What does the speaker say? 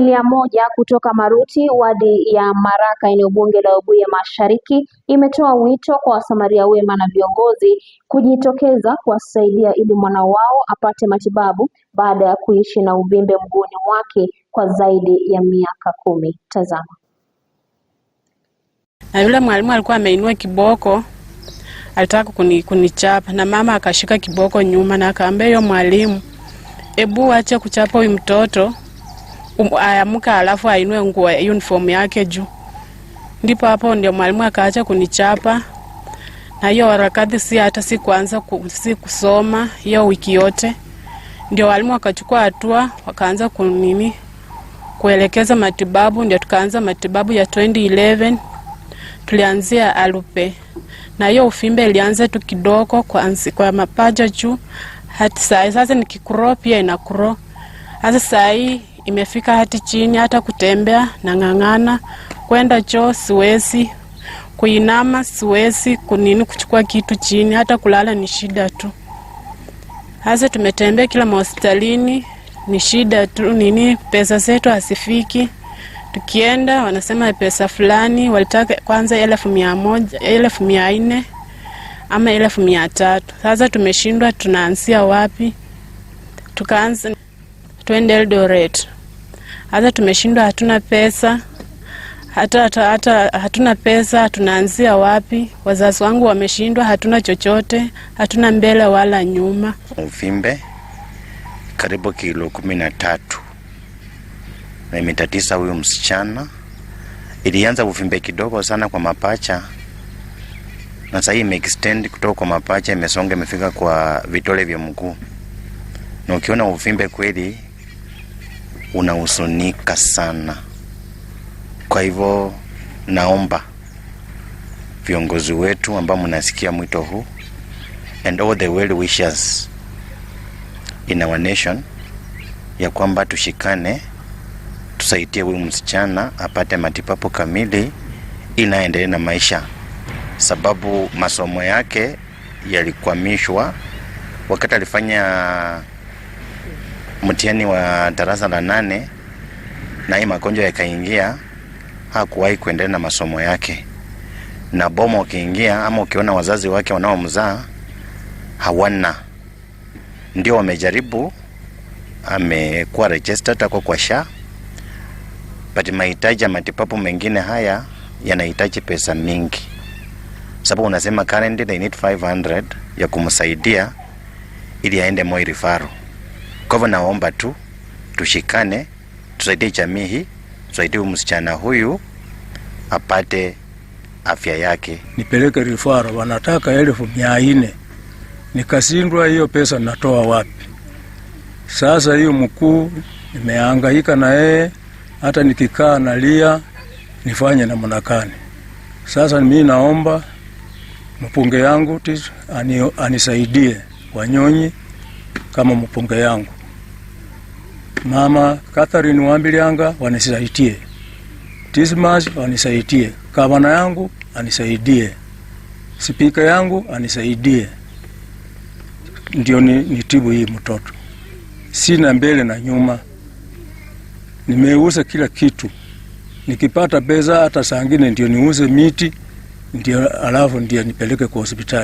familia moja kutoka Maruti wadi ya Maraka eneo bunge la Webuye Mashariki imetoa wito kwa wasamaria wema na viongozi kujitokeza kuwasaidia ili mwana wao apate matibabu baada ya kuishi na uvimbe mguuni mwake kwa zaidi ya miaka kumi. Tazama. Na yule mwalimu alikuwa ameinua kiboko, alitaka kuni, kunichapa na mama akashika kiboko nyuma na akaambia hiyo mwalimu, ebu ache kuchapa huyu mtoto um, ayamuka alafu ainue nguo uniform yake juu. Ndipo hapo ndio mwalimu akaacha kunichapa, na hiyo harakati si hata si kuanza ku, si kusoma hiyo wiki yote. Ndio walimu wakachukua hatua, wakaanza kunini kuelekeza matibabu, ndio tukaanza matibabu ya 2011 tulianzia alupe, na hiyo ufimbe ilianza tu kidogo kwa, kwa mapaja juu hati saa sasa nikikuro pia inakuro hasa sahii imefika hati chini, hata kutembea nang'ang'ana, kwenda choo siwezi, kuinama siwezi, kunini kuchukua kitu chini, hata kulala ni shida tu. Hasa tumetembea kila mahospitalini ni shida tu, nini pesa zetu hazifiki. Tukienda wanasema pesa fulani, walitaka kwanza elfu mia moja, elfu mia nne ama elfu mia tatu. Sasa tumeshindwa tunaanzia wapi? Tukaanza twende Eldoret hata tumeshindwa, hatuna pesa hata, hata, hata hatuna pesa, tunaanzia wapi? Wazazi wangu wameshindwa, hatuna chochote, hatuna mbele wala nyuma. Uvimbe karibu kilo kumi na tatu na imetatiza huyu msichana. Ilianza uvimbe kidogo sana kwa mapacha, na sahii imeextend kutoka kwa mapacha, imesonga imefika kwa vitole vya mguu, na ukiona uvimbe kweli unahusunika sana. Kwa hivyo naomba viongozi wetu ambao mnasikia mwito huu and all the well wishers in our nation, ya kwamba tushikane, tusaidie huyu msichana apate matibabu kamili ili aendelee na maisha, sababu masomo yake yalikwamishwa wakati alifanya mtihani wa darasa la nane na hii magonjwa yakaingia, hakuwahi kuendelea na masomo yake. Na bomo ukiingia ama ukiona wazazi wake wanaomzaa hawana, ndio wamejaribu, amekuwa registered ako kwa SHA, but mahitaji ya matibabu mengine haya yanahitaji pesa mingi, sababu unasema currently they need 500 ya kumsaidia ili aende Moi Referral. Kwa hivyo naomba tu tushikane, tusaidie jamii hii, tusaidie msichana huyu apate afya yake. Nipeleke rifara, wanataka elfu mia nne nikasindwa, hiyo pesa natoa wapi? Sasa hiyo mkuu nimehangaika na yeye, hata nikikaa nalia, nifanye namna gani? Sasa mimi naomba mpunge yangu tis, ani, anisaidie Wanyonyi kama mpunge yangu. Mama Catherine Wambilianga wanisaidie, tismas wanisaidie, gavana yangu anisaidie, spika yangu anisaidie, ndio ni, nitibu hii mtoto. Sina mbele na nyuma, nimeuza kila kitu. Nikipata pesa hata saa ngine ndio niuze miti ndio alafu ndio nipeleke kwa hospitali.